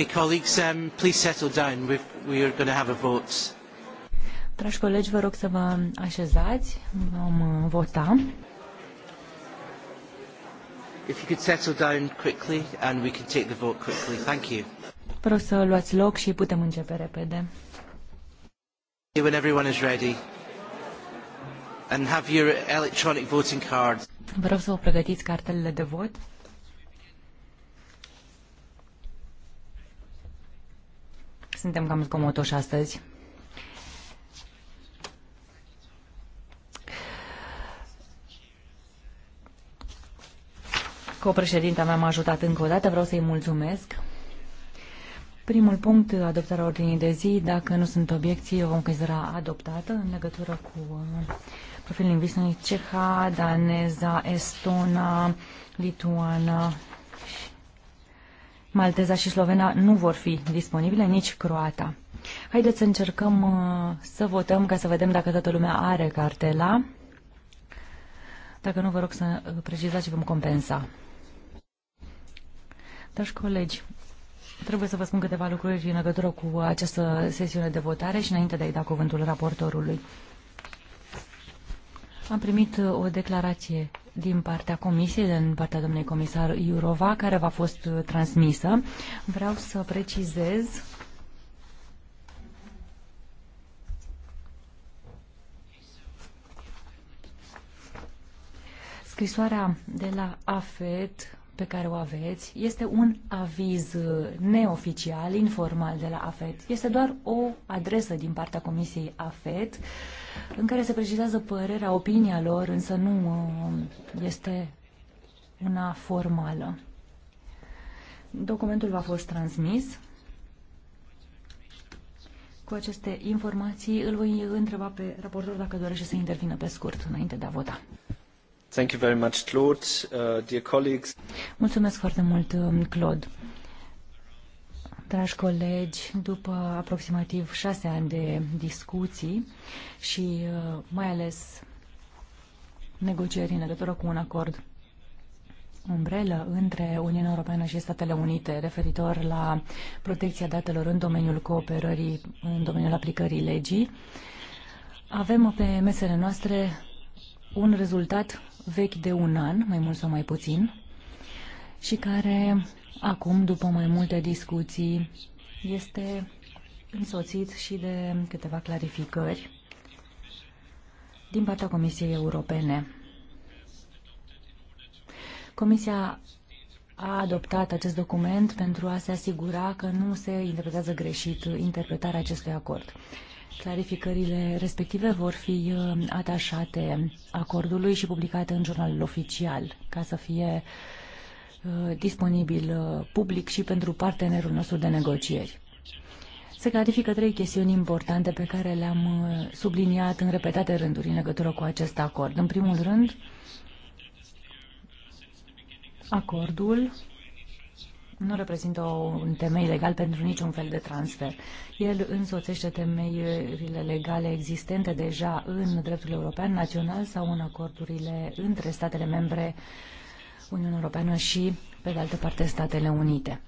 Okay, colleagues, um, please settle down. We've, we are going to have a vote. Dragi colegi, vă rog să vă așezați. Vom uh, vota. If you could settle down quickly and we can take the vote quickly. Thank you. Vă rog să luați loc și putem începe repede. When everyone is ready. And have your electronic voting cards. Vă rog să vă pregătiți cartelele de vot. Suntem cam zgomotoși astăzi. Copreședinta mea m-a ajutat încă o dată, vreau să-i mulțumesc. Primul punct, adoptarea ordinii de zi. Dacă nu sunt obiecții, o vom considera adoptată în legătură cu uh, profil lingvistic ceha, daneza, estona, lituana malteza și slovena nu vor fi disponibile, nici croata. Haideți să încercăm uh, să votăm ca să vedem dacă toată lumea are cartela. Dacă nu, vă rog să uh, precizați și vom compensa. Dragi colegi, trebuie să vă spun câteva lucruri în legătură cu această sesiune de votare și înainte de a-i da cuvântul raportorului. Am primit uh, o declarație din partea comisiei, din partea domnului comisar Iurova, care v-a fost uh, transmisă. Vreau să precizez scrisoarea de la AFET pe care o aveți este un aviz uh, neoficial, informal de la AFET. Este doar o adresă din partea Comisiei AFET în care se precizează părerea, opinia lor, însă nu uh, este una formală. Documentul va fost transmis. Cu aceste informații îl voi întreba pe raportor dacă dorește să intervină pe scurt înainte de a vota. Thank you very much, Claude. Uh, dear colleagues. Mulțumesc foarte mult, um, Claude. Dragi colegi, după aproximativ șase ani de discuții și uh, mai ales negocieri în legătură cu un acord umbrelă între Uniunea Europeană și Statele Unite referitor la protecția datelor în domeniul cooperării, în domeniul aplicării legii, avem pe mesele noastre un rezultat vechi de un an, mai mult sau mai puțin, și care acum, după mai multe discuții, este însoțit și de câteva clarificări din partea Comisiei Europene. Comisia a adoptat acest document pentru a se asigura că nu se interpretează greșit interpretarea acestui acord. Clarificările respective vor fi uh, atașate acordului și publicate în jurnalul oficial, ca să fie uh, disponibil uh, public și pentru partenerul nostru de negocieri. Se clarifică trei chestiuni importante pe care le-am subliniat în repetate rânduri în legătură cu acest acord. În primul rând, acordul nu reprezintă un temei legal pentru niciun fel de transfer. El însoțește temeiurile legale existente deja în dreptul european național sau în acordurile între statele membre Uniunea Europeană și, pe de altă parte, Statele Unite.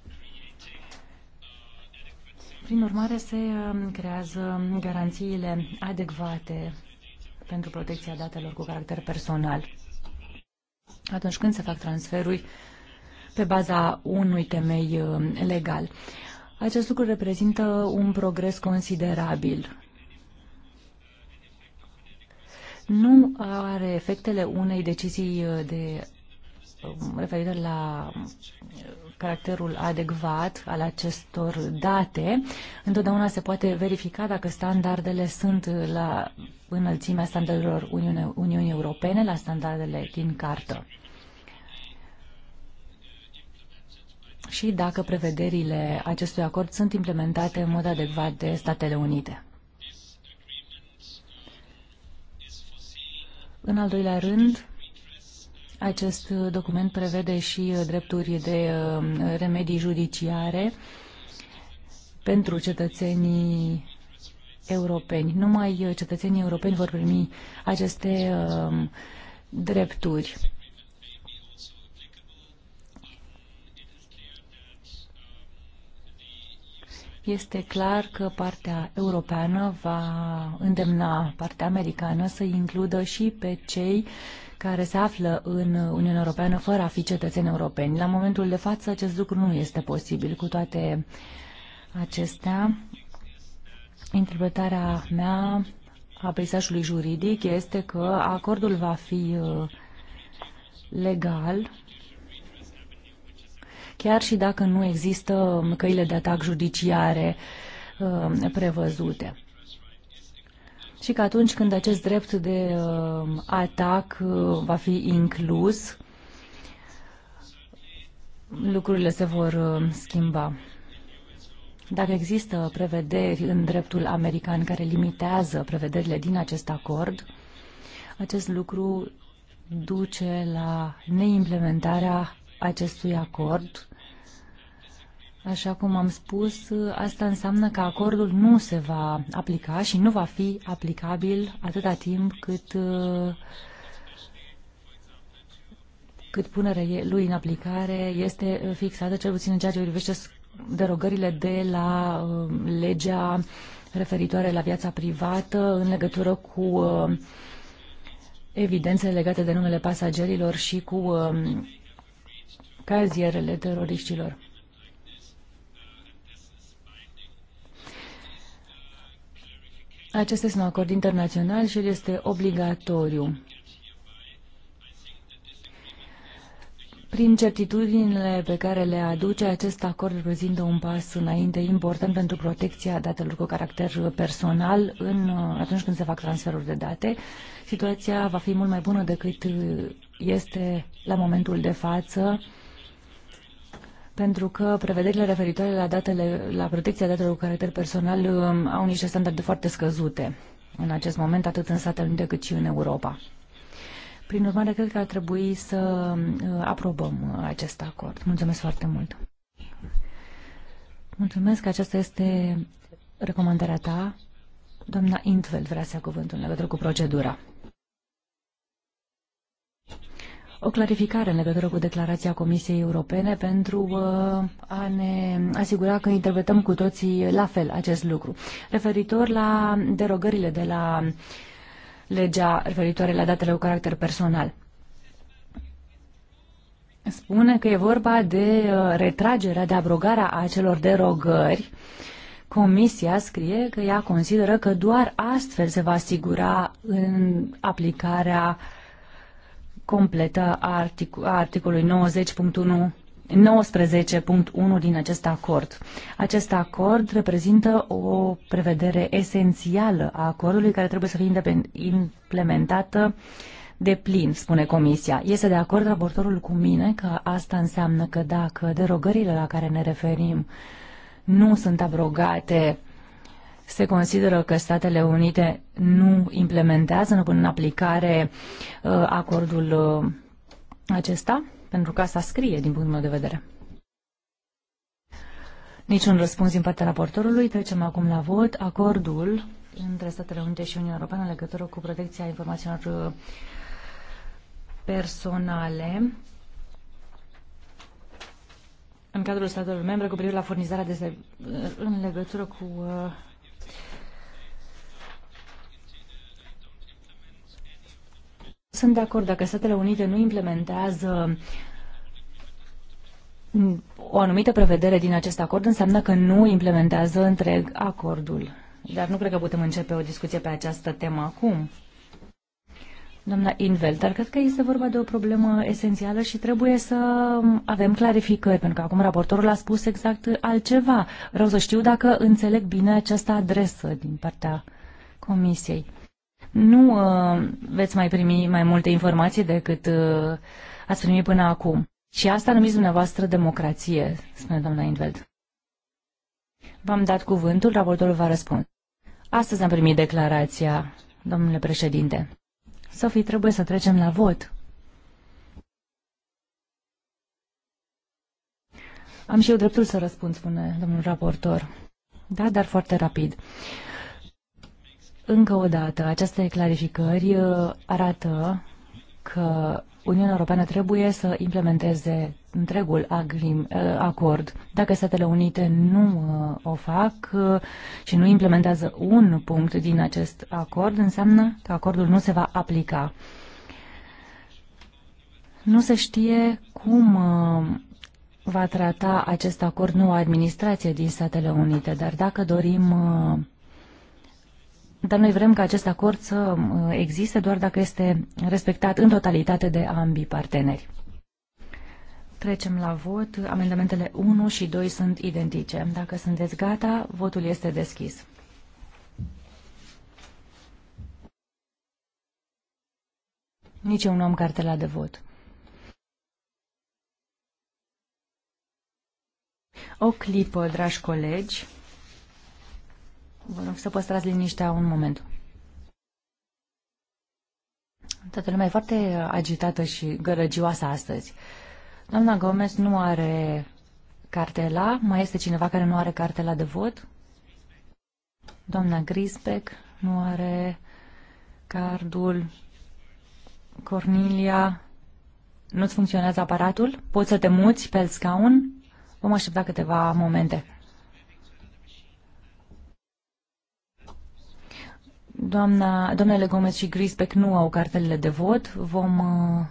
Prin urmare, se um, creează garanțiile adecvate pentru protecția datelor cu caracter personal atunci când se fac transferuri pe baza unui temei uh, legal. Acest lucru reprezintă un progres considerabil. Nu are efectele unei decizii uh, de um, referitor la uh, caracterul adecvat al acestor date, întotdeauna se poate verifica dacă standardele sunt la înălțimea standardelor Uniunii Europene, la standardele din cartă. și dacă prevederile acestui acord sunt implementate în mod adecvat de Statele Unite. În al doilea rând, acest document prevede și uh, drepturi de uh, remedii judiciare pentru cetățenii europeni. Numai uh, cetățenii europeni vor primi aceste drepturi. Este clar că partea europeană va îndemna partea americană să includă și pe cei care se află în Uniunea Europeană fără a fi cetățeni europeni. La momentul de față acest lucru nu este posibil. Cu toate acestea, interpretarea mea a peisajului juridic este că acordul va fi uh, legal chiar și dacă nu există căile de atac judiciare uh, prevăzute. Și că atunci când acest drept de uh, atac uh, va fi inclus, lucrurile se vor schimba. Dacă există prevederi în dreptul american care limitează prevederile din acest acord, acest lucru duce la neimplementarea acestui acord Așa cum am spus, asta înseamnă că acordul nu se va aplica și nu va fi aplicabil atâta timp cât uh, cât punerea lui în aplicare este fixată, cel puțin în ceea ce privește derogările de la uh, legea referitoare la viața privată în legătură cu uh, evidențele legate de numele pasagerilor și cu cazierele teroriștilor. Acesta este un acord internațional și el este obligatoriu. Prin certitudinile pe care le aduce, acest acord reprezintă un pas înainte important pentru protecția datelor cu caracter personal în, atunci când se fac transferuri de date. Situația va fi mult mai bună decât este la momentul de față pentru că prevederile referitoare la, datele, la protecția datelor cu caracter personal um, au niște standarde foarte scăzute în acest moment, atât în Statele Unite cât și în Europa. Prin urmare, cred că ar trebui să uh, aprobăm acest acord. Mulțumesc foarte mult! Mulțumesc, aceasta este recomandarea ta. Doamna Intveld vrea să ia cuvântul în legătură cu procedura. o clarificare în legătură cu declarația Comisiei Europene pentru uh, a ne asigura că interpretăm cu toții la fel acest lucru. Referitor la derogările de la legea referitoare la datele cu caracter personal. Spune că e vorba de uh, retragerea, de abrogarea acelor derogări Comisia scrie că ea consideră că doar astfel se va asigura în aplicarea uh, completă a, articolului 90.1 19.1 din acest acord. Acest acord reprezintă o prevedere esențială a acordului care trebuie să fie implementată de plin, spune Comisia. Este de acord raportorul cu mine că asta înseamnă că dacă derogările la care ne referim nu sunt abrogate se consideră că Statele Unite nu implementează, nu pun în aplicare uh, acordul uh, acesta? Pentru că asta scrie din punctul meu de vedere. Niciun răspuns din partea raportorului. Trecem acum la vot. Acordul între Statele Unite și Uniunea Europeană în legătură cu protecția informațiilor uh, personale în cadrul statelor membre cu privire la furnizarea de în legătură cu sunt de acord, dacă Statele Unite nu implementează o anumită prevedere din acest acord, înseamnă că nu implementează întreg acordul. Dar nu cred că putem începe o discuție pe această temă acum. Doamna Invel, dar cred că este vorba de o problemă esențială și trebuie să avem clarificări, pentru că acum raportorul a spus exact altceva. Vreau să știu dacă înțeleg bine această adresă din partea Comisiei nu uh, veți mai primi mai multe informații decât uh, ați primit până acum. Și asta numiți dumneavoastră democrație, spune doamna Inveld. V-am dat cuvântul, raportorul va răspunde. Astăzi am primit declarația, domnule președinte. Sofie, trebuie să trecem la vot. Am și eu dreptul să răspund, spune domnul raportor. Da, dar foarte rapid. Încă o dată, aceste clarificări uh, arată că Uniunea Europeană trebuie să implementeze întregul agrim, uh, acord. Dacă Statele Unite nu uh, o fac și nu implementează un punct din acest acord, înseamnă că acordul nu se va aplica. Nu se știe cum va trata acest acord noua administrație din Statele Unite, dar dacă dorim dar noi vrem ca acest acord să uh, existe doar dacă este respectat în totalitate de ambii parteneri. Trecem la vot. Amendamentele 1 și 2 sunt identice. Dacă sunteți gata, votul este deschis. Nici eu nu am cartela de vot. O clipă, dragi colegi. Vă rog să păstrați liniștea un moment. Toată lumea e foarte agitată și gărăgioasă astăzi. Doamna Gomez nu are cartela. Mai este cineva care nu are cartela de vot? Doamna Grisbeck nu are cardul. Cornelia, nu-ți funcționează aparatul? Poți să te muți pe scaun? Vom aștepta câteva momente. Doamna, domnele Gomez și Grisbeck nu au cartelele de vot. Vom uh,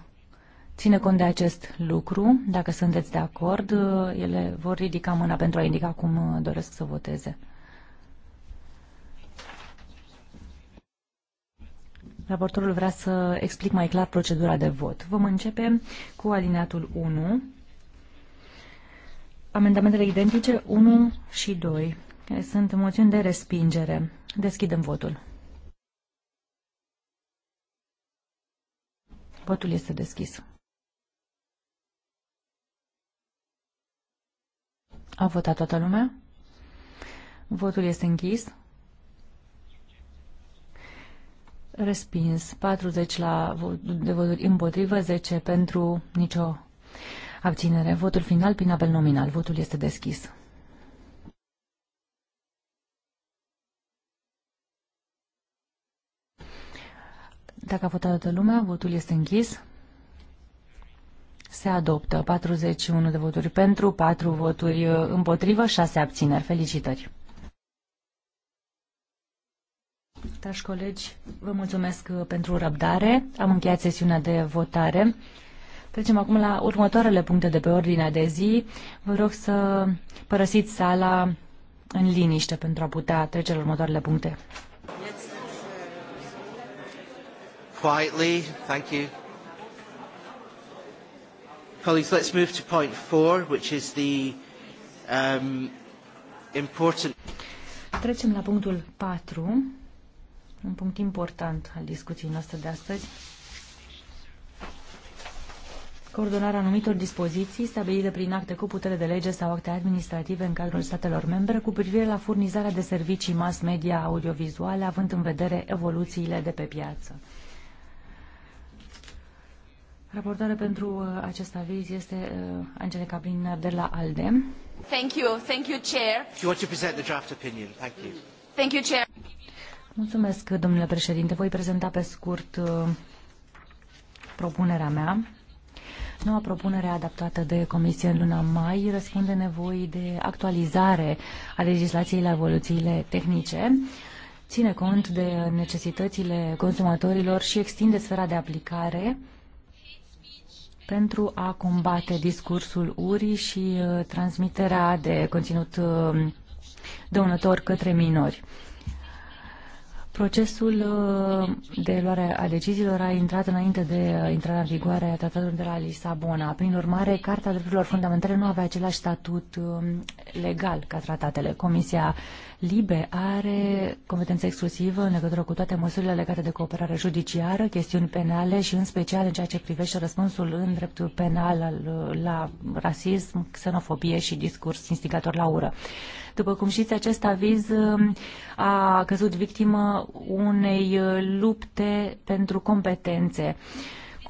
ține cont de acest lucru. Dacă sunteți de acord, uh, ele vor ridica mâna pentru a indica cum uh, doresc să voteze. Raportorul vrea să explic mai clar procedura de vot. Vom începe cu alineatul 1. Amendamentele identice 1 și 2 sunt moțiuni de respingere. Deschidem votul. Votul este deschis. A votat toată lumea? Votul este închis. Respins 40 la de voturi împotrivă, 10 pentru nicio abținere. Votul final prin apel nominal. Votul este deschis. Dacă a votat toată lumea, votul este închis. Se adoptă 41 de voturi pentru, 4 voturi uh, împotrivă, 6 abțineri. Felicitări! Dragi colegi, vă mulțumesc uh, pentru răbdare. Am încheiat sesiunea de votare. Trecem acum la următoarele puncte de pe ordinea de zi. Vă rog să părăsiți sala în liniște pentru a putea trece la următoarele puncte quietly. Thank you. Colleagues, let's move to point four, which is the um, important... Trecem la punctul 4, un punct important al discuției noastre de astăzi. Coordonarea anumitor dispoziții stabilite prin acte cu putere de lege sau acte administrative în cadrul statelor membre cu privire la furnizarea de servicii mass media audiovizuale, având în vedere evoluțiile de pe piață. Raportarea pentru uh, acest aviz este uh, Angelica Brin de la ALDE. Thank you, thank you, Chair. Do you want to present the draft opinion? Thank you. Thank you, Chair. Mulțumesc, domnule președinte. Voi prezenta pe scurt uh, propunerea mea. Noua propunere adaptată de Comisie în luna mai răspunde nevoii de actualizare a legislației la evoluțiile tehnice, ține cont de necesitățile consumatorilor și extinde sfera de aplicare pentru a combate discursul urii și uh, transmiterea de conținut uh, dăunător către minori. Procesul uh, de luare a deciziilor a intrat înainte de intrarea în vigoare a tratatului de la Lisabona. Prin urmare, Carta Drepturilor Fundamentale nu avea același statut um, legal ca tratatele. Comisia Libe are competență exclusivă în legătură cu toate măsurile legate de cooperare judiciară, chestiuni penale și în special în ceea ce privește răspunsul în dreptul penal la rasism, xenofobie și discurs instigator la ură. După cum știți, acest aviz um, a căzut victimă unei uh, lupte pentru competențe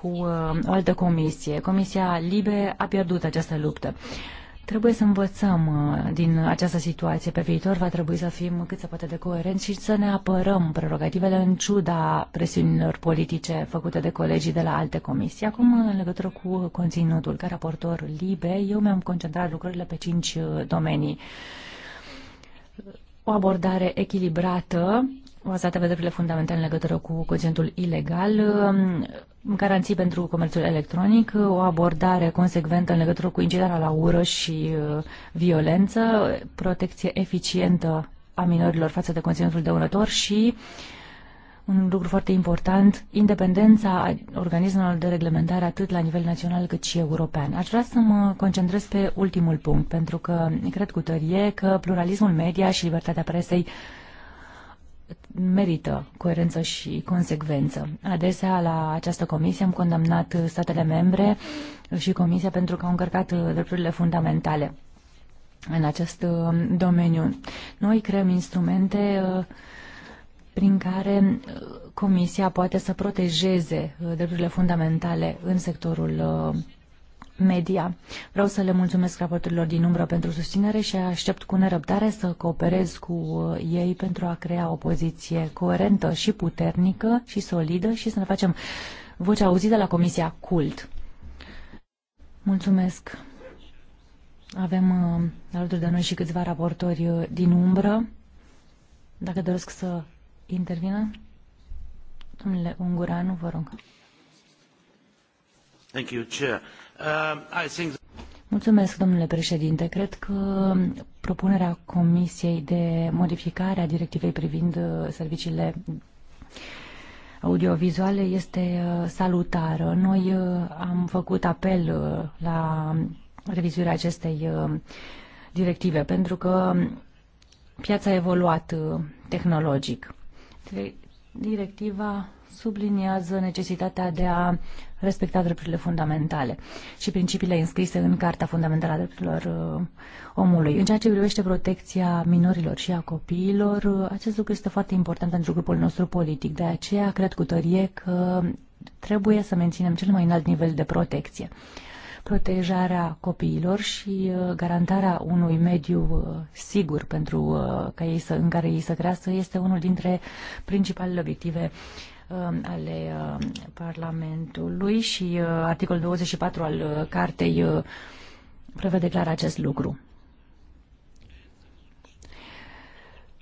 cu uh, o altă comisie. Comisia Libe a pierdut această luptă. Trebuie să învățăm uh, din această situație. Pe viitor va trebui să fim cât se poate de coerenți și să ne apărăm prerogativele în ciuda presiunilor politice făcute de colegii de la alte comisii. Acum, în legătură cu conținutul, ca raportor libe, eu mi-am concentrat lucrurile pe cinci uh, domenii. O abordare echilibrată, bazată pe drepturile fundamentale în legătură cu conținutul ilegal, um, garanții pentru comerțul electronic, o abordare consecventă în legătură cu incitarea la ură și uh, violență, protecție eficientă a minorilor față de conținutul dăunător și un lucru foarte important, independența organismelor de reglementare atât la nivel național cât și european. Aș vrea să mă concentrez pe ultimul punct, pentru că cred cu tărie că pluralismul media și libertatea presei merită coerență și consecvență. Adesea la această comisie am condamnat statele membre și comisia pentru că au încărcat drepturile fundamentale în acest uh, domeniu. Noi creăm instrumente uh, prin care uh, Comisia poate să protejeze drepturile fundamentale în sectorul media. Vreau să le mulțumesc raporturilor din umbră pentru susținere și aștept cu nerăbdare să cooperez cu uh, ei pentru a crea o poziție coerentă și puternică și solidă și să ne facem vocea auzită la Comisia CULT. Mulțumesc! Avem uh, alături de noi și câțiva raportori uh, din umbră. Dacă doresc să intervină, domnule Ungureanu, vă rog. Thank you, Chair. Um, Mulțumesc, domnule președinte. Cred că propunerea Comisiei de modificare a directivei privind uh, serviciile audiovizuale este uh, salutară. Noi uh, am făcut apel la revizuirea acestei directive pentru că piața a evoluat tehnologic. Directiva subliniază necesitatea de a respecta drepturile fundamentale și principiile înscrise în Carta Fundamentală a Drepturilor uh, Omului. În ceea ce privește protecția minorilor și a copiilor, uh, acest lucru este foarte important pentru grupul nostru politic. De aceea, cred cu tărie că trebuie să menținem cel mai înalt nivel de protecție. Protejarea copiilor și uh, garantarea unui mediu sigur pentru ca ei să, în care ei să crească este unul dintre principalele obiective Um, ale um, Parlamentului și uh, articolul 24 al uh, cartei uh, prevede clar acest lucru.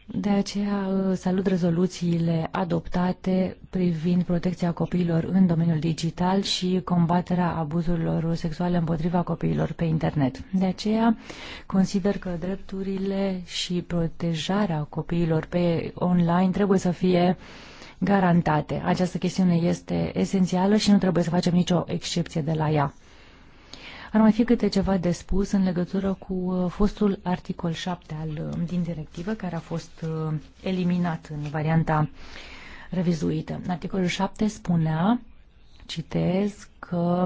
De aceea salut rezoluțiile adoptate privind protecția copiilor în domeniul digital și combaterea abuzurilor sexuale împotriva copiilor pe internet. De aceea consider că drepturile și protejarea copiilor pe online trebuie să fie uh, garantate. Această chestiune este esențială și nu trebuie să facem nicio excepție de la ea. Ar mai fi câte ceva de spus în legătură cu uh, fostul articol 7 al, uh, din directivă, care a fost uh, eliminat în varianta revizuită. Articolul 7 spunea, citez, că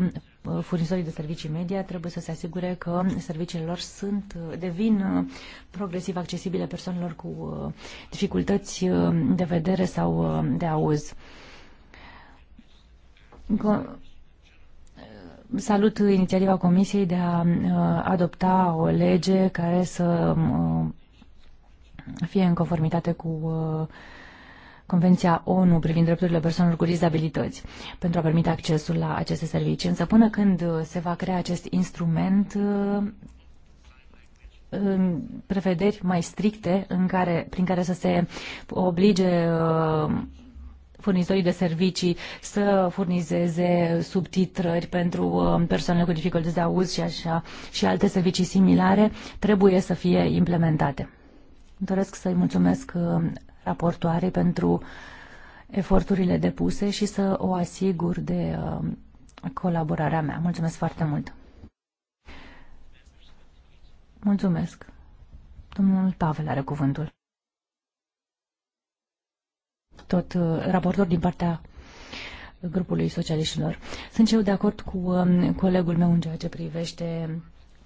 Uh, furnizorii de servicii media trebuie să se asigure că serviciile lor sunt, uh, devin uh, progresiv accesibile persoanelor cu dificultăți de vedere sau de auz. Salut inițiativa Comisiei de a adopta o lege care să fie în conformitate cu uh, Convenția ONU privind drepturile persoanelor cu dizabilități pentru a permite accesul la aceste servicii. Însă până când uh, se va crea acest instrument, uh, prevederi mai stricte în care, prin care să se oblige uh, furnizorii de servicii să furnizeze subtitrări pentru persoanele cu dificultăți de auz și așa și alte servicii similare trebuie să fie implementate. Doresc să-i mulțumesc raportoare pentru eforturile depuse și să o asigur de um, colaborarea mea. Mulțumesc foarte mult! Mulțumesc! Domnul Pavel are cuvântul. Tot uh, raportor din partea grupului socialiștilor. Sunt și eu de acord cu um, colegul meu în ceea ce privește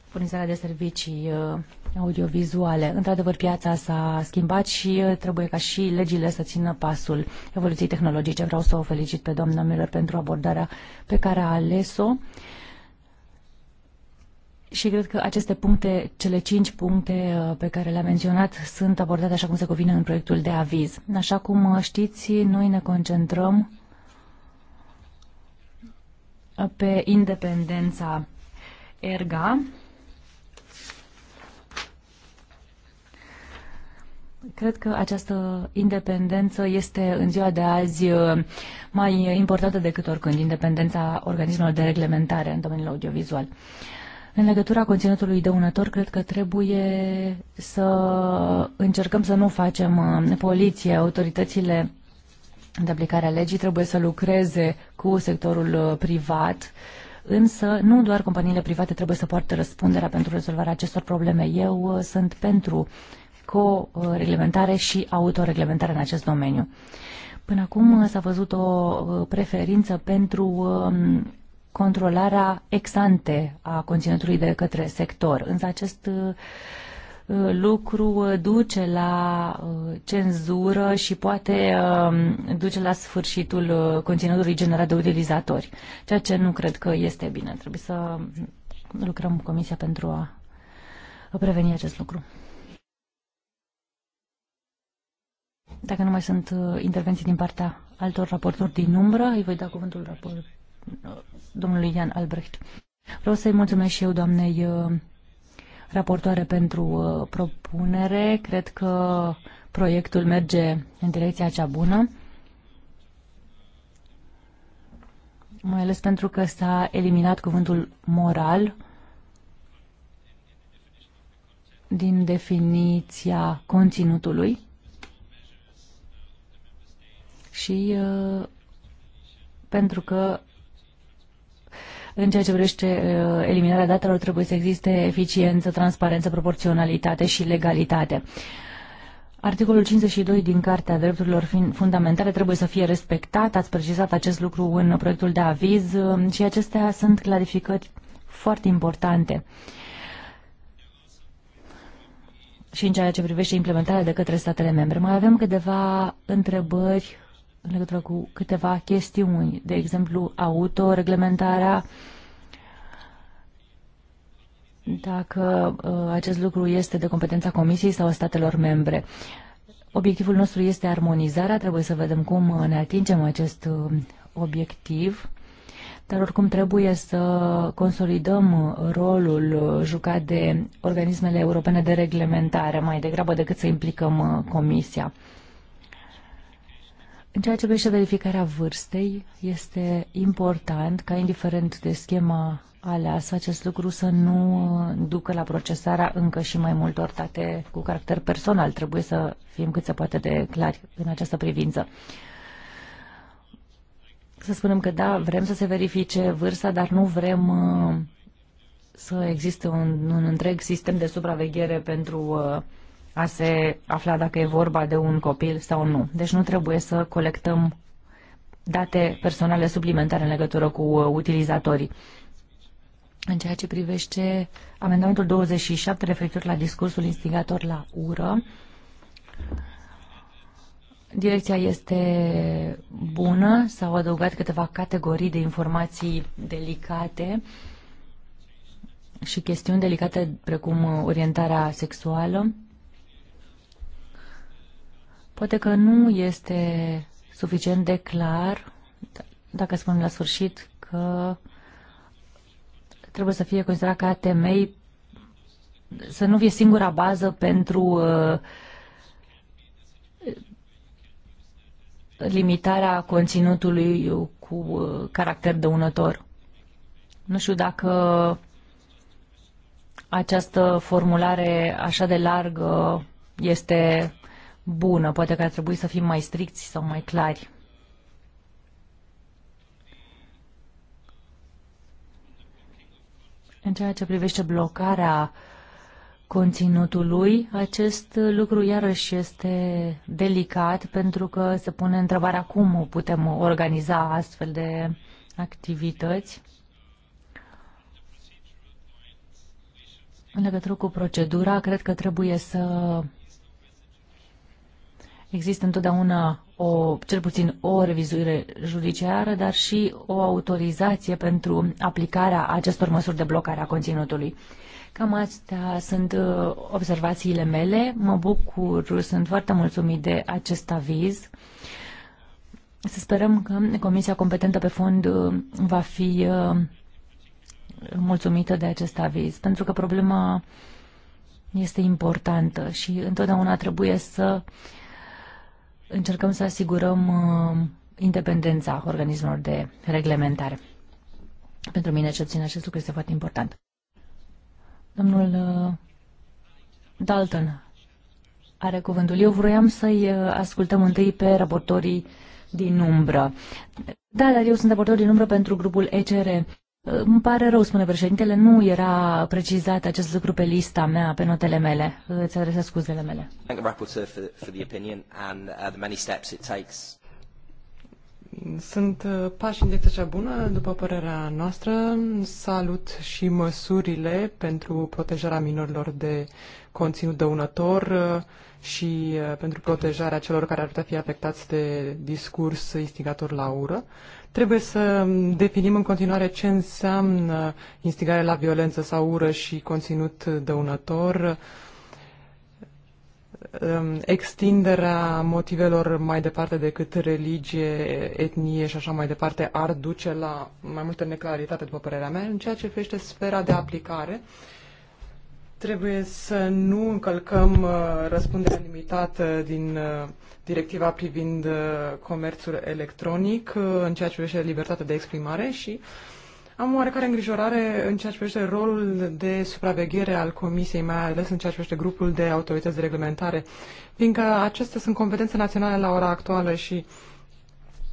furnizarea de servicii uh, audiovizuale. Într-adevăr, piața s-a schimbat și uh, trebuie ca și legile să țină pasul evoluției tehnologice. Vreau să o felicit pe doamna Miller pentru abordarea pe care a ales-o. Și cred că aceste puncte, cele cinci puncte uh, pe care le-am menționat, sunt abordate așa cum se cuvine în proiectul de aviz. Așa cum știți, noi ne concentrăm pe independența ERGA, Cred că această independență este în ziua de azi uh, mai importantă decât oricând, independența organismelor de reglementare în domeniul audiovizual. În legătura conținutului dăunător, cred că trebuie să încercăm să nu facem uh, poliție, autoritățile de aplicare a legii trebuie să lucreze cu sectorul uh, privat, însă nu doar companiile private trebuie să poartă răspunderea pentru rezolvarea acestor probleme. Eu sunt pentru co-reglementare și autoreglementare în acest domeniu. Până acum s-a văzut o uh, preferință pentru um, controlarea ex-ante a conținutului de către sector, însă acest uh, lucru duce la uh, cenzură și poate um, duce la sfârșitul conținutului generat de utilizatori, ceea ce nu cred că este bine. Trebuie să lucrăm cu Comisia pentru a preveni acest lucru. Dacă nu mai sunt uh, intervenții din partea altor raportori din umbră, îi voi da cuvântul raport, domnului Ian Albrecht. Vreau să-i mulțumesc și eu doamnei uh, raportoare pentru uh, propunere. Cred că proiectul merge în direcția cea bună. mai ales pentru că s-a eliminat cuvântul moral din definiția conținutului și uh, pentru că în ceea ce privește uh, eliminarea datelor trebuie să existe eficiență, transparență, proporționalitate și legalitate. Articolul 52 din Cartea Drepturilor Fundamentale trebuie să fie respectat. Ați precizat acest lucru în proiectul de aviz uh, și acestea sunt clarificări foarte importante. Și în ceea ce privește implementarea de către statele membre. Mai avem câteva întrebări în legătură cu câteva chestiuni, de exemplu autoreglementarea, dacă uh, acest lucru este de competența Comisiei sau a statelor membre. Obiectivul nostru este armonizarea, trebuie să vedem cum uh, ne atingem acest uh, obiectiv, dar oricum trebuie să consolidăm rolul jucat de organismele europene de reglementare mai degrabă decât să implicăm Comisia. În ceea ce privește verificarea vârstei, este important ca, indiferent de schema aleasă, acest lucru să nu ducă la procesarea încă și mai multor date cu caracter personal. Trebuie să fim cât se poate de clari în această privință. Să spunem că da, vrem să se verifice vârsta, dar nu vrem uh, să existe un, un întreg sistem de supraveghere pentru uh, a se afla dacă e vorba de un copil sau nu. Deci nu trebuie să colectăm date personale suplimentare în legătură cu uh, utilizatorii. În ceea ce privește amendamentul 27 referitor la discursul instigator la ură, direcția este bună, s-au adăugat câteva categorii de informații delicate și chestiuni delicate precum orientarea sexuală, Poate că nu este suficient de clar, dacă spun la sfârșit, că trebuie să fie considerat ca temei, să nu fie singura bază pentru uh, limitarea conținutului cu uh, caracter dăunător. Nu știu dacă această formulare așa de largă este bună. Poate că ar trebui să fim mai stricți sau mai clari. În ceea ce privește blocarea conținutului, acest lucru iarăși este delicat pentru că se pune întrebarea cum putem organiza astfel de activități. În legătură cu procedura, cred că trebuie să Există întotdeauna o, cel puțin o revizuire judiciară, dar și o autorizație pentru aplicarea acestor măsuri de blocare a conținutului. Cam astea sunt uh, observațiile mele. Mă bucur, sunt foarte mulțumit de acest aviz. Să sperăm că Comisia competentă pe fond uh, va fi uh, mulțumită de acest aviz, pentru că problema este importantă și întotdeauna trebuie să uh, încercăm să asigurăm uh, independența organismelor de reglementare. Pentru mine, ce puțin, acest lucru este foarte important. Domnul uh, Dalton are cuvântul. Eu vroiam să-i uh, ascultăm întâi pe raportorii din umbră. Da, dar eu sunt raportor din umbră pentru grupul ECR. Îmi pare rău, spune președintele, nu era precizat acest lucru pe lista mea, pe notele mele. Îți adresez scuzele mele. Uh, Sunt uh, pași în direcția cea bună, după părerea noastră. Salut și măsurile pentru protejarea minorilor de conținut dăunător uh, și pentru protejarea celor care ar putea fi afectați de discurs instigator la ură. Trebuie să definim în continuare ce înseamnă instigare la violență sau ură și conținut dăunător, ehm, extinderea motivelor mai departe decât religie, etnie și așa mai departe ar duce la mai multă neclaritate, după părerea mea, în ceea ce privește sfera de aplicare. Uh, Trebuie să nu încălcăm uh, răspunderea limitată din uh, directiva privind uh, comerțul electronic în ceea ce privește libertatea de exprimare și am oarecare îngrijorare în ceea ce privește rolul de supraveghere al Comisiei, mai ales în ceea ce privește grupul de autorități de reglementare, fiindcă acestea sunt competențe naționale la ora actuală și uh,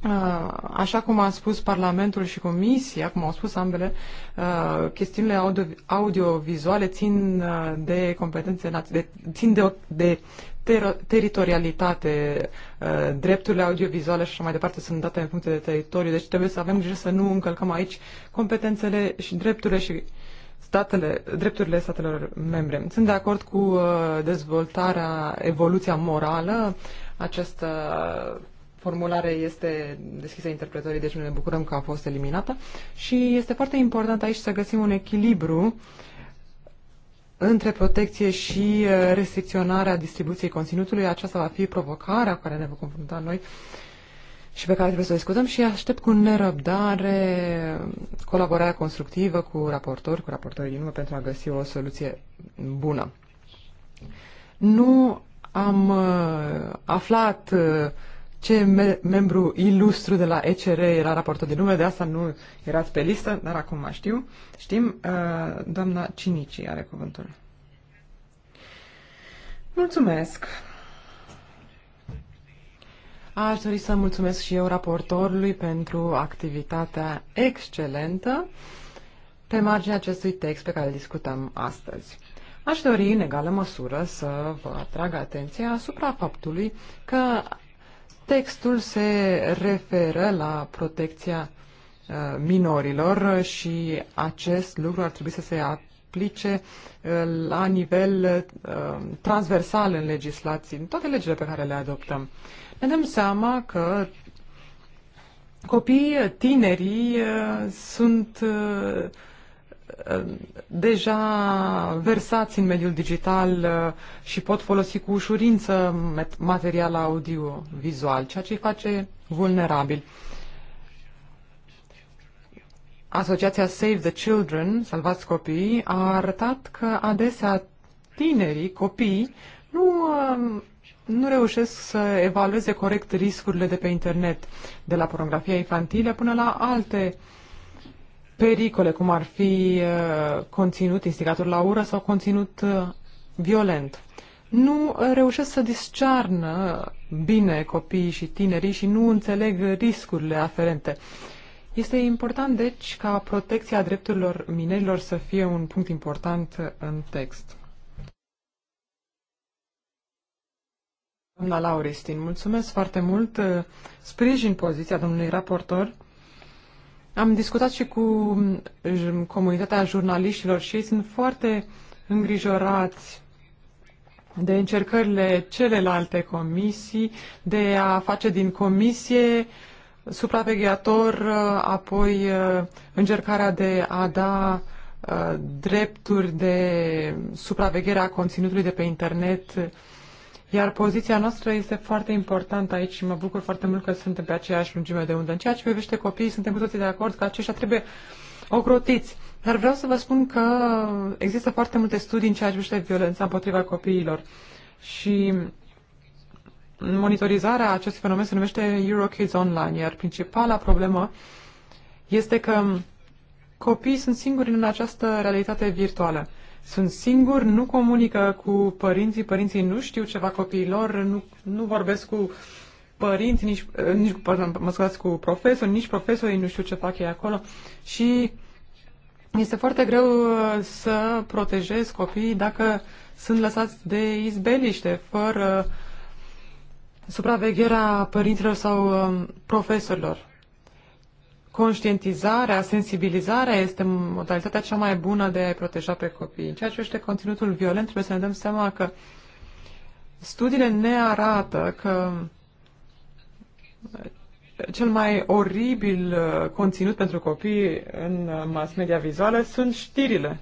Uh, așa cum a spus Parlamentul și Comisia, cum au spus ambele, uh, chestiunile audiovizuale țin uh, de competențe naționale, țin de, de ter- teritorialitate, drepturile audiovizuale și așa mai departe sunt date în funcție de teritoriu, deci trebuie să avem grijă să nu încălcăm aici competențele și drepturile și statele, drepturile statelor membre. Sunt de acord cu dezvoltarea, evoluția morală, această formulare este deschisă interpretării, deci ne bucurăm că a fost eliminată. Și este foarte important aici să găsim un echilibru între protecție și uh, restricționarea distribuției conținutului. Aceasta va fi provocarea cu care ne vom confrunta noi și pe care trebuie să o discutăm și aștept cu nerăbdare colaborarea constructivă cu raportori, cu raportorii din urmă pentru a găsi o soluție bună. Nu am uh, aflat uh, ce me- membru ilustru de la ECR era raportor de nume, de asta nu erați pe listă, dar acum mai știu. Știm, uh, doamna Cinici are cuvântul. Mulțumesc! Aș dori să mulțumesc și eu raportorului pentru activitatea excelentă pe marginea acestui text pe care îl discutăm astăzi. Aș dori, în egală măsură, să vă atrag atenția asupra faptului că Textul se referă la protecția uh, minorilor și acest lucru ar trebui să se aplice uh, la nivel uh, transversal în legislații, în toate legile pe care le adoptăm. Ne dăm seama că copiii tinerii sunt deja versați în mediul digital uh, și pot folosi cu ușurință material audio-vizual, ceea ce îi face vulnerabil. Asociația Save the Children, Salvați Copiii, a arătat că adesea tinerii, copiii, nu, uh, nu reușesc să evalueze corect riscurile de pe internet, de la pornografia infantilă până la alte uh, pericole, cum ar fi uh, conținut instigator la ură sau conținut uh, violent. Nu uh, reușesc să discearnă bine copiii și tinerii și nu înțeleg riscurile aferente. Este important, deci, ca protecția drepturilor minerilor să fie un punct important în text. Doamna Lauristin, mulțumesc foarte mult. Sprijin poziția domnului raportor am discutat și cu mm, comunitatea jurnaliștilor și ei sunt foarte îngrijorați de încercările celelalte comisii de a face din comisie supravegheator, uh, apoi uh, încercarea de a da uh, drepturi de supraveghere a conținutului de pe internet iar poziția noastră este foarte importantă aici și mă bucur foarte mult că suntem pe aceeași lungime de undă. În ceea ce privește copiii, suntem cu toții de acord că aceștia trebuie ocrotiți. Dar vreau să vă spun că există foarte multe studii în ceea ce privește violența împotriva copiilor. Și monitorizarea acestui fenomen se numește Eurokids Online, iar principala problemă este că copiii sunt singuri în această realitate virtuală sunt singuri, nu comunică cu părinții, părinții nu știu ceva copiilor, nu, nu vorbesc cu părinți, nici, eh, nici pardon, mă scuzați, cu profesori, nici profesorii nu știu ce fac ei acolo și este foarte greu eh, să protejezi copiii dacă sunt lăsați de izbeliște, fără supravegherea părinților sau eh, profesorilor conștientizarea, sensibilizarea este modalitatea cea mai bună de a proteja pe copii. În ceea ce este conținutul violent, trebuie să ne dăm seama că studiile ne arată că cel mai oribil uh, conținut pentru copii în uh, mass media vizuală sunt știrile.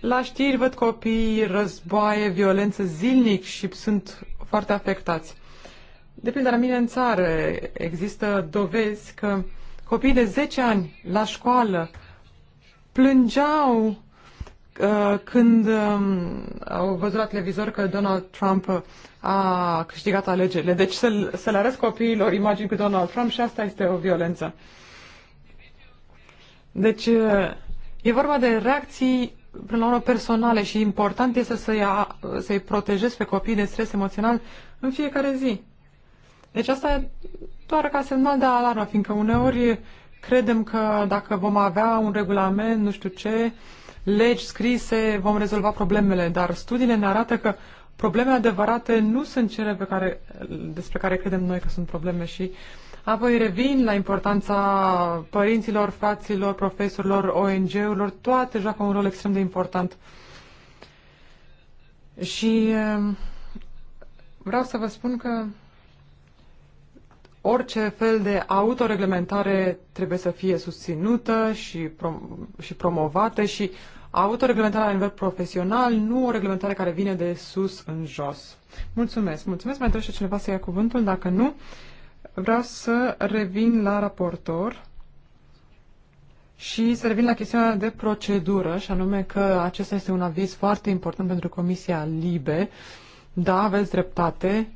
La știri văd copii, războaie, violență zilnic și sunt foarte afectați. De pildă, la mine în țară există dovezi că copiii de 10 ani la școală plângeau uh, când uh, au văzut la televizor că Donald Trump uh, a câștigat alegerile. Deci să, să le arăți copiilor imagini cu Donald Trump și asta este o violență. Deci uh, e vorba de reacții până la urmă personale și important este să-i, să, să -i protejezi pe copii de stres emoțional în fiecare zi. Deci asta e doar ca semnal de alarmă, fiindcă uneori credem că dacă vom avea un regulament, nu știu ce, legi scrise, vom rezolva problemele, dar studiile ne arată că probleme adevărate nu sunt cele pe care, despre care credem noi că sunt probleme și apoi revin la importanța părinților, fraților, profesorilor, ONG-urilor, toate joacă un rol extrem de important. Și ehm, vreau să vă spun că orice fel de autoreglementare trebuie să fie susținută și, prom- și promovată și autoreglementarea la nivel profesional, nu o reglementare care vine de sus în jos. Mulțumesc. Mulțumesc. Mai trebuie cineva să ia cuvântul? Dacă nu, vreau să revin la raportor și să revin la chestiunea de procedură, și anume că acesta este un aviz foarte important pentru Comisia Libe. Da, aveți dreptate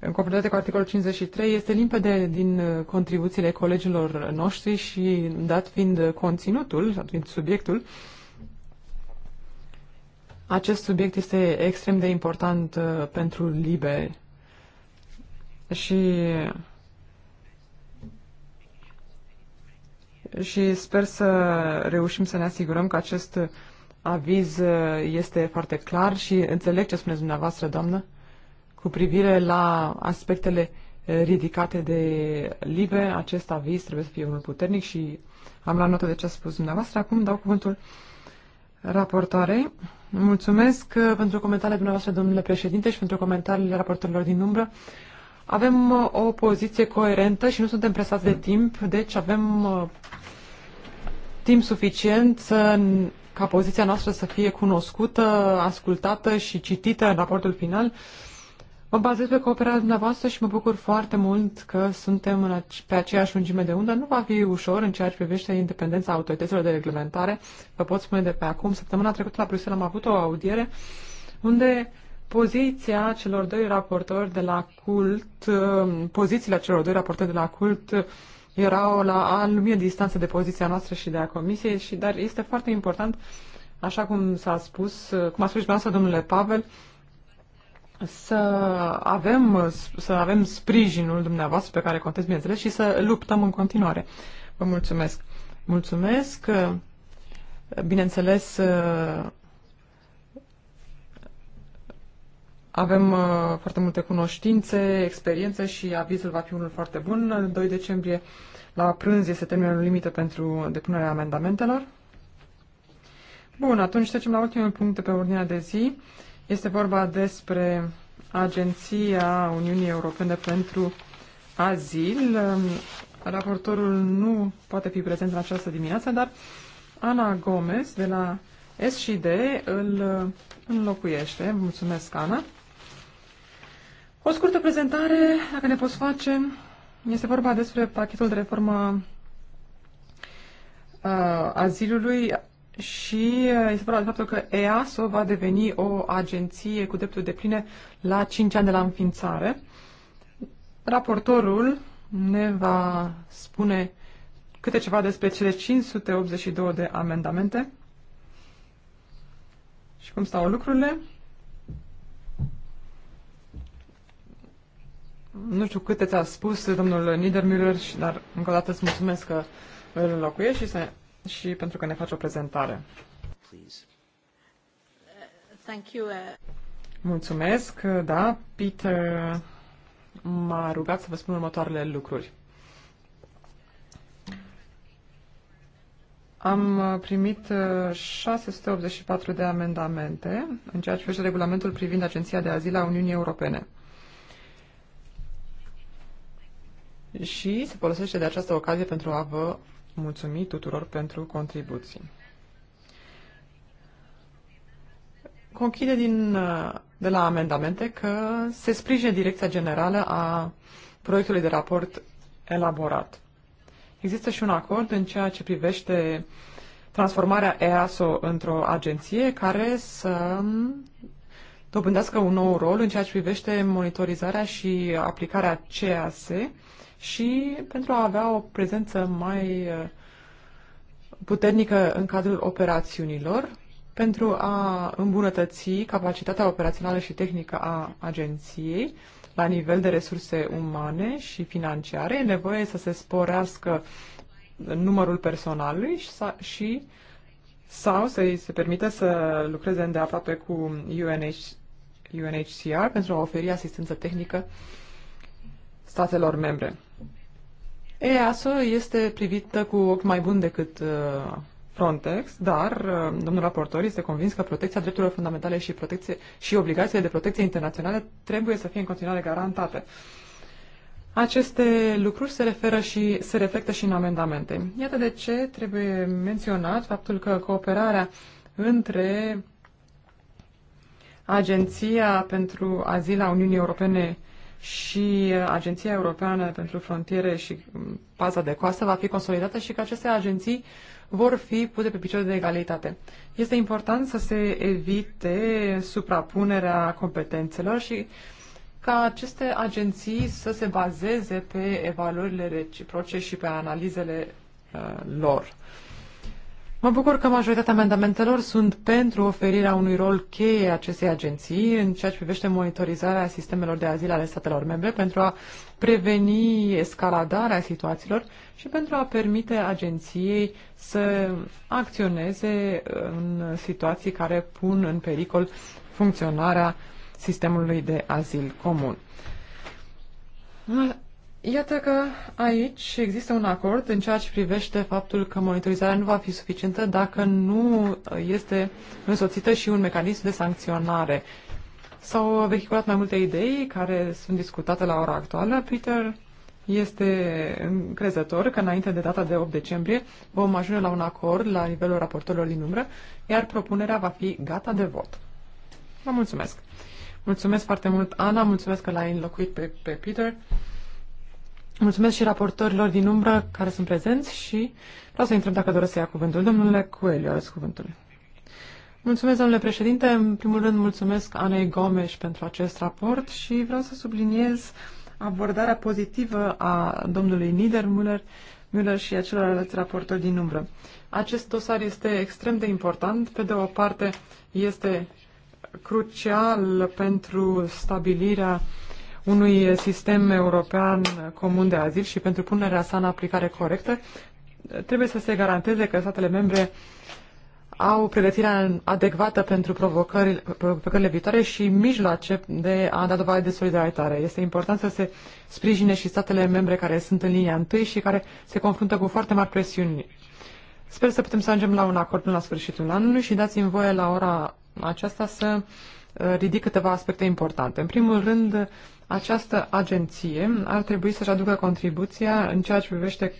în conformitate cu articolul 53, este limpede din uh, contribuțiile colegilor noștri și dat fiind conținutul, dat fiind subiectul, acest subiect este extrem de important uh, pentru libe și și sper să reușim să ne asigurăm că acest aviz uh, este foarte clar și înțeleg ce spuneți dumneavoastră, doamnă, cu privire la aspectele eh, ridicate de Libe, acest aviz trebuie să fie unul puternic și am luat notă de ce a spus dumneavoastră. Acum dau cuvântul raportoarei. Mulțumesc eh, pentru comentariile dumneavoastră, domnule președinte, și pentru comentariile raportorilor din umbră. Avem eh, o poziție coerentă și nu suntem presați de timp, deci avem timp suficient să, ca poziția noastră să fie cunoscută, ascultată și citită în raportul final. Mă bazez pe cooperarea dumneavoastră și mă bucur foarte mult că suntem în pe aceeași lungime de undă. Nu va fi ușor în ceea ce privește independența autorităților de reglementare. Vă pot spune de pe acum. Săptămâna trecută la Bruxelles am avut o audiere unde poziția celor doi raportori de la cult, um, pozițiile celor doi raportori de la cult erau la anumită distanță de poziția noastră și de a comisiei, și, dar este foarte important, așa cum s-a spus, uh, cum a spus și dumneavoastră, domnule Pavel, să avem, să avem sprijinul dumneavoastră pe care contez, bineînțeles, și să luptăm în continuare. Vă mulțumesc. Mulțumesc. Bineînțeles, avem uh, foarte multe cunoștințe, experiențe și avizul va fi unul foarte bun. 2 decembrie la prânz este termenul limită pentru depunerea amendamentelor. Bun, atunci trecem la ultimul punct de pe ordinea de zi. Este vorba despre Agenția Uniunii Europene pentru Azil. Raportorul nu poate fi prezent în această dimineață, dar Ana Gomez de la SCD îl înlocuiește. Mulțumesc, Ana. O scurtă prezentare, dacă ne poți face, este vorba despre pachetul de reformă uh, azilului, și uh, este vorba de faptul că EASO va deveni o agenție cu drepturi de pline la 5 ani de la înființare. Raportorul ne va spune câte ceva despre cele 582 de amendamente și cum stau lucrurile. Nu știu câte ți-a spus domnul Niedermüller, dar încă o dată îți mulțumesc că îl înlocuiești și să și pentru că ne face o prezentare. Uh, Mulțumesc, da, Peter m-a rugat să vă spun următoarele lucruri. Am primit 684 uh, de amendamente în ceea ce privește regulamentul privind Agenția de Azil a Uniunii Europene. Și se folosește de această ocazie pentru a vă mulțumi tuturor pentru contribuții. Conchide din, de la amendamente că se sprijine direcția generală a proiectului de raport elaborat. Există și un acord în ceea ce privește transformarea EASO într-o agenție care să dobândească un nou rol în ceea ce privește monitorizarea și aplicarea CAS și pentru a avea o prezență mai uh, puternică în cadrul operațiunilor, pentru a îmbunătăți capacitatea operațională și tehnică a agenției la nivel de resurse umane și financiare, e nevoie să se sporească numărul personalului și, și uh, sau să-i se permită să lucreze îndeaproape cu UNH, UNHCR pentru a oferi asistență tehnică statelor membre. EASO este privită cu ochi mai bun decât uh, Frontex, dar uh, domnul raportor este convins că protecția drepturilor fundamentale și, protecție, și obligațiile de protecție internaționale trebuie să fie în continuare garantate. Uh, aceste lucruri se, referă și, se reflectă și în amendamente. Iată de ce trebuie menționat faptul că cooperarea între Agenția pentru Azil a Uniunii Europene și Agenția Europeană pentru Frontiere și mm, Paza de Coastă va fi consolidată și că aceste agenții vor fi puse pe picior de egalitate. Este important să se evite suprapunerea competențelor și uh, ca aceste agenții să se bazeze pe evaluările reciproce și pe analizele uh, lor. Mă bucur că majoritatea amendamentelor sunt pentru oferirea unui rol cheie acestei agenții în ceea ce privește monitorizarea sistemelor de azil ale statelor membre pentru a preveni escaladarea situațiilor și pentru a permite agenției să acționeze în situații care pun în pericol funcționarea uh, sistemului de azil comun. Iată că aici există un acord în ceea ce privește faptul că monitorizarea nu va fi suficientă dacă nu este însoțită și un mecanism de sancționare. S-au vehiculat mai multe idei care sunt discutate la ora actuală. Peter este încrezător că înainte de data de 8 decembrie vom ajunge la un acord la nivelul raportorilor din umbră, iar propunerea va fi gata de vot. Vă mulțumesc! Mulțumesc foarte mult, Ana, mulțumesc că l-ai înlocuit pe, pe Peter. Mulțumesc și raportorilor din umbră care sunt prezenți și vreau să întreb dacă doresc să ia cuvântul. Domnule Coelho, ales cuvântul. Mulțumesc, domnule președinte. În primul rând, mulțumesc Anei Gomes pentru acest raport și vreau să subliniez abordarea pozitivă a domnului Niedermüller Müller și a celorlalți raportori din umbră. Acest dosar este extrem de important. Pe de o parte, este crucial pentru stabilirea unui sistem european comun de azil și pentru punerea sa în aplicare corectă, trebuie să se garanteze că statele membre au pregătirea adecvată pentru provocările, viitoare și mijloace de a da dovadă de solidaritate. Este important să se sprijine și statele membre care sunt în linia întâi și care se confruntă cu foarte mari presiuni. Sper să putem să ajungem la un acord până la sfârșitul anului și dați-mi voie la ora aceasta să uh, ridic câteva aspecte importante. În primul rând, această agenție ar trebui să-și aducă contribuția în ceea ce privește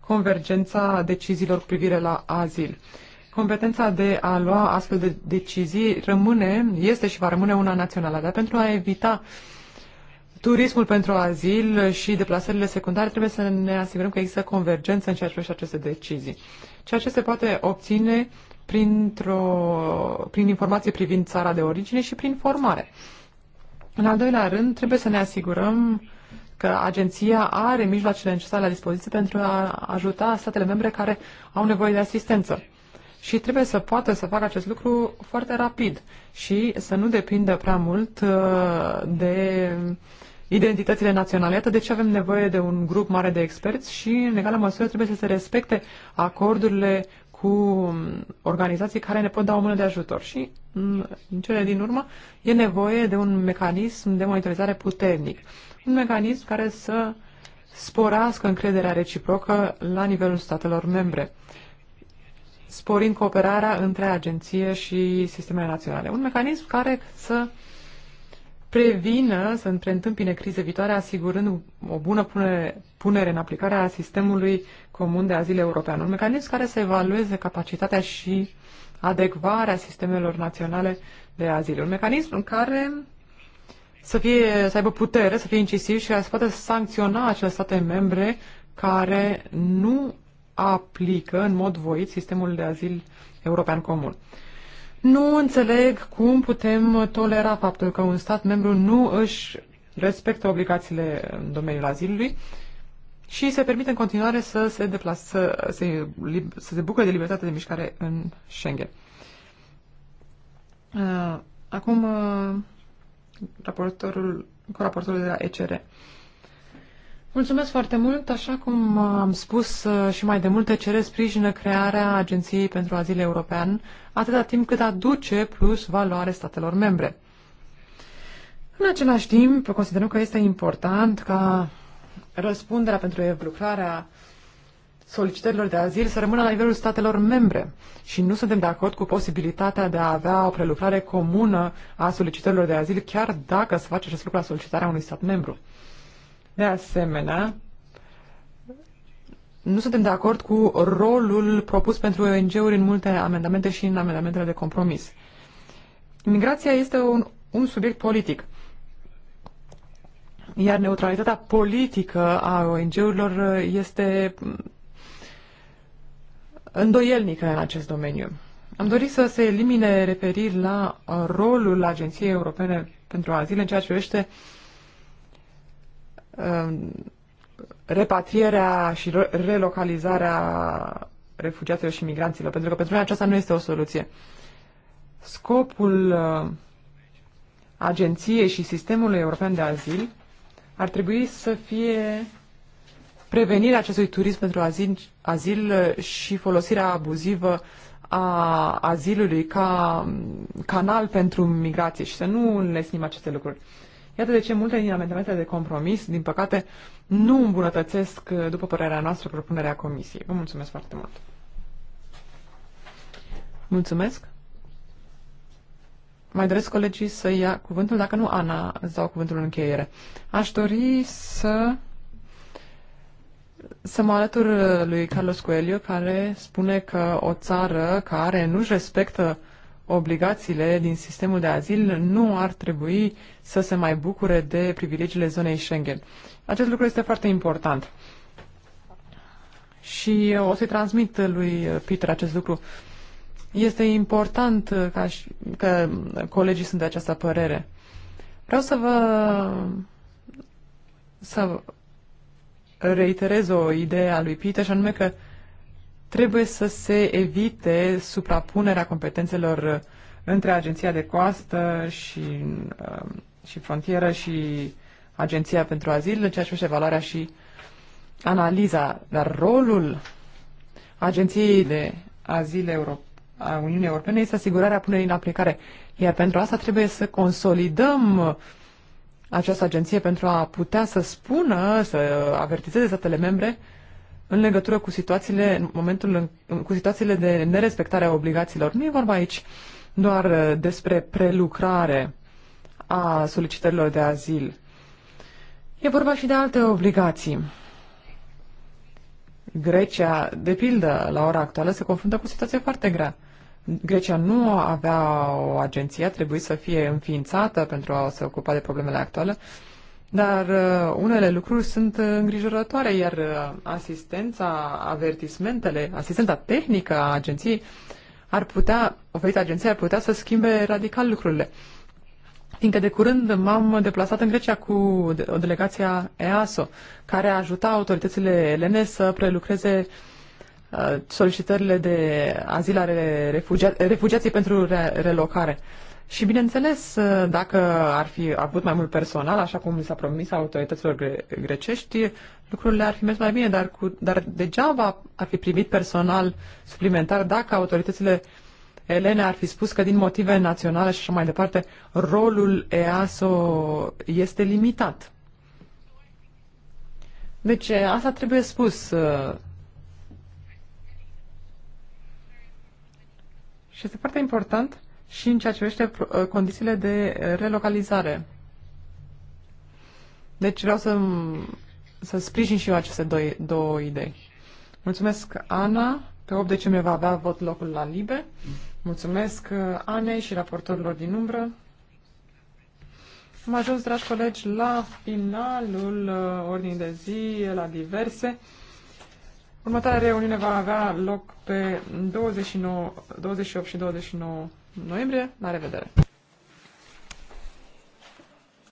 convergența deciziilor cu privire la azil. Competența de a lua astfel de decizii rămâne, este și va rămâne una națională, dar pentru a evita turismul pentru azil și deplasările secundare trebuie să ne asigurăm că există convergență în ceea ce privește aceste decizii. Ceea ce se poate obține printr-o, prin informații privind țara de origine și prin formare. În al doilea rând, trebuie să ne asigurăm că agenția are mijloacele necesare la dispoziție pentru a ajuta statele membre care au nevoie de asistență. Și trebuie să poată să facă acest lucru foarte rapid și să nu depindă prea mult uh, de identitățile naționale. Iată de ce avem nevoie de un grup mare de experți și, în egală măsură, trebuie să se respecte acordurile cu organizații care ne pot da o mână de ajutor. Și, în cele din urmă, e nevoie de un mecanism de monitorizare puternic. Un mecanism care să sporească încrederea reciprocă la nivelul statelor membre, sporind cooperarea între agenție și sistemele naționale. Un mecanism care să uh, prevină, să preîntâmpine crize viitoare, asigurând o bună punere, punere în aplicare a sistemului comun de azil european. Un mecanism care să evalueze capacitatea și adecvarea sistemelor naționale de azil. Un mecanism în care să, fie, să aibă putere, să fie incisiv și să poată sancționa acele state membre care nu aplică în mod voit sistemul de azil european comun. Nu înțeleg cum putem tolera faptul că un stat membru nu își respectă obligațiile în domeniul azilului și se permite în continuare să se deplaseze, să, se, să se bucure de libertate de mișcare în Schengen. Uh, acum, uh, raportorul, cu raportorul de la ECR. Mulțumesc foarte mult. Așa cum am spus uh, și mai de multe, cere sprijină crearea Agenției pentru Azil European, atâta timp cât aduce plus valoare statelor membre. În același timp, considerăm că este important ca răspunderea pentru lucrarea solicitărilor de azil să rămână la nivelul statelor membre și nu suntem de acord cu posibilitatea de a avea o prelucrare comună a solicitărilor de azil, chiar dacă se face acest lucru la solicitarea unui stat membru. De asemenea, nu suntem de acord cu rolul propus pentru ONG-uri în multe amendamente și în amendamentele de compromis. Migrația este un, un subiect politic, iar neutralitatea politică a ONG-urilor este îndoielnică în acest domeniu. Am dorit să se elimine referiri la rolul Agenției Europene pentru Azil în ceea ce privește uh, Um, repatrierea și relocalizarea refugiaților și migranților, pentru că pentru noi aceasta nu este o soluție. Scopul uh, agenției și sistemului european de azil ar trebui să fie prevenirea acestui turism pentru azil, azil și folosirea abuzivă a azilului ca canal pentru migrație și să nu înlesnim aceste lucruri. Iată de ce multe din amendamentele de compromis, din păcate, nu îmbunătățesc, uh, după părerea noastră, propunerea comisiei. Vă mulțumesc foarte mult! Mulțumesc! Mai doresc colegii să ia cuvântul, dacă nu, Ana, îți dau cuvântul în încheiere. Aș dori să să mă alătur uh, lui Carlos Coelho, care spune că o țară care nu-și respectă obligațiile din sistemul de azil nu ar trebui să se mai bucure de privilegiile zonei Schengen. Acest lucru este foarte important. Și o să-i transmit lui Peter acest lucru. Este important ca și, că colegii sunt de această părere. Vreau să vă să reiterez o idee a lui Peter și anume că Trebuie să se evite suprapunerea competențelor uh, între Agenția de Coastă și, um, și Frontieră și Agenția pentru Azil, în ceea ce evaluarea și analiza, dar rolul Agenției de Azil Europene a Uniunii Europene este asigurarea punerii în aplicare. Iar pentru asta trebuie să consolidăm această agenție pentru a putea să spună, să avertizeze statele membre în legătură cu situațiile, în momentul în, cu situațiile de nerespectare a obligațiilor. Nu e vorba aici doar uh, despre prelucrare a solicitărilor de azil. E vorba și de alte obligații. Grecia, de pildă, la ora actuală se confruntă cu o situație foarte grea. Grecia nu avea o agenție, a trebuit să fie înființată pentru a se ocupa de problemele actuale. Uh, dar uh, unele lucruri sunt uh, îngrijorătoare, iar uh, asistența, avertismentele, asistența tehnică a agenției ar putea, oferită agenției ar putea să schimbe radical lucrurile. Fiindcă de curând m-am deplasat în Grecia cu o delegație EASO, care a ajuta autoritățile elene să prelucreze solicitările de azil ale refugia- refugiații pentru re- relocare. Uh, și bineînțeles, dacă ar fi avut mai mult personal, așa cum s-a promis autorităților gre- grecești, lucrurile ar fi mers mai bine, dar, cu, dar degeaba ar fi primit personal suplimentar dacă autoritățile Elena ar fi spus că din motive naționale și așa mai departe, rolul EASO este limitat. Deci asta trebuie spus. Uh. Și este foarte important și în ceea ce privește uh, condițiile de relocalizare. Deci vreau să, să sprijin și eu aceste doi, două idei. Mulțumesc, Ana. Pe 8 decembrie va avea vot locul la Libe. Mulțumesc uh, Ane și raportorilor din umbră. Am ajuns, dragi colegi, la finalul uh, ordinii de zi, la diverse. Următoarea reuniune va avea loc pe 29, 28 și 29 noiembrie. La revedere!